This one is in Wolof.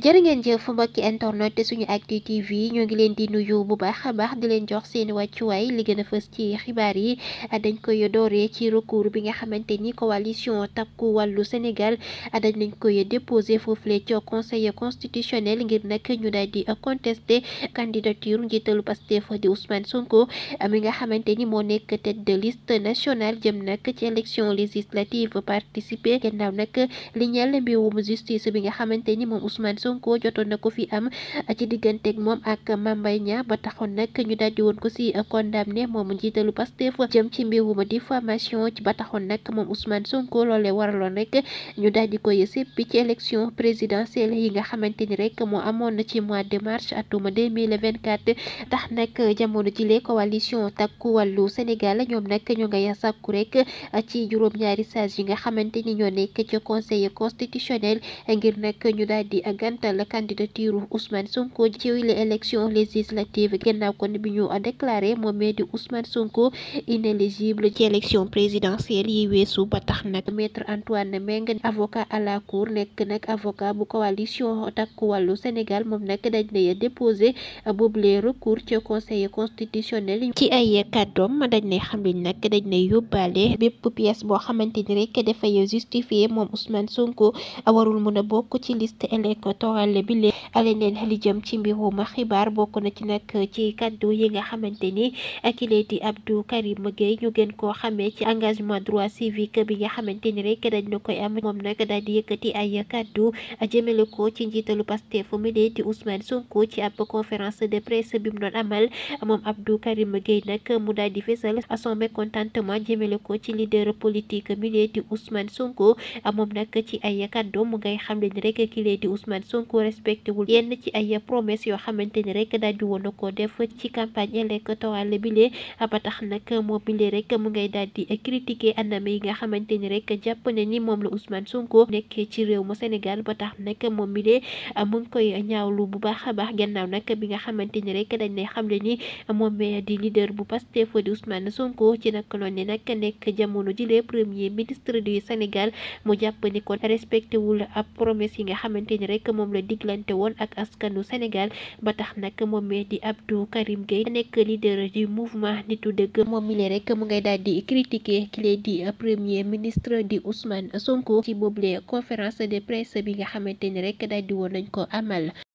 jërë ngeen jëf mbokki internet suñu actu tv ñoo ngi leen di nuyu bu baax a baax di leen jox seen wàccuwaay li gën fës ci xibaar yi dañ koy dooree ci recours bi nga xamante ni coalition takku wàllu Sénégal dañ nañ koy déposé foofule ci conseil constitutionnel ngir nag ñu daal di contester candidature njiitalu Pastef di Ousmane Sonko mi nga xamante ni moo nekk tête de liste nationale jëm nag ci élection législative participer gannaaw nag li ñeel mbirum justice bi nga Sonko jotoon na ko fi am ah, ci digganteeg moom ak Mame Mbaye Niang ba taxoon nag ñu daldi woon ko si ah, condamné moom njiitalu Pastef jëm ci mbirum diffamation ci ba taxoon nag moom Ousmane Sonko loolee waraloon rek ñu daldi koy séppi ci élection présidentielle yi nga xamante ni rek moo amoon na ci mois de mars atuma 2024 tax nag jamono jile coalition takku wàllu Sénégal ñoom nag ñoo ngay sàkku rek ah, ci juróom-ñaari sages yi nga xamante ni ñoo nekk ci conseil constitutionnel gàntal candidature Ousmane Sonko ci les élections législatives gannaaw kon moom mee ba tax nag maître Antoine Meng avocat à la cour nekk nag avocat bu coalition Takku Wallu moom nag dañ ne déposé boobule recours ci conseil constitutionnel ci ay kàddoom dañ ne xam liñ nag dañ ne yóbbaale bépp pièce boo xamante ni rek justifier moom Ousmane Sonko warul mën a bokk ci liste électorale doxale bile leen leen li jëm ci mbirum xibaar bokk na ci nag ci kaddu yi nga xamante ni kile di Abdou Karim Gueye ñu gën koo xamee ci engagement droit civique bi nga xamante ni rek dañ na koy am moom nag daal di yëkkati ay kaddu jëmale ko ci njiitalu Pastef mi di Ousmane Sonko ci ab conférence de presse bi mu doon amal moom Abdou Karim Gueye nag mu daal di fésal son mécontentement jëmale ko ci leader politique mi di Ousmane Sonko moom nag ci ay kaddu mu ngay xam leen rek kile di Ousmane Sonko respecté tegul yenn ci ay promesse yoo xamante ni rek daal di woon na ko def ci campagne électorale bile ba tax nag moo bile rek mu ngay daal di critiquer anam yi nga xamante ni rek jàpp na ni moom la Ousmane Sonko ba tax bu baax a baax bi nga xamante ni rek dañ lay xamle ni di leader bu Pastef di Ousmane Sonko ci nag loon ne nag nekk jamono jile premier ministre du Sénégal mu jàpp ni kon respecté wul ab promesse yi nga xamante ni rek moom la diglante woon ak askanu Sénégal ba tax nag moomee di Abdou Karim Gueye nekk leader du mouvement nitu dëgg moom mi lee rek mu ngay daal di critiquer ki lee di premier ministre di Ousmane Sonko ci boobule conférence de presse bi nga xamante ni rek daal di woon nañ ko amal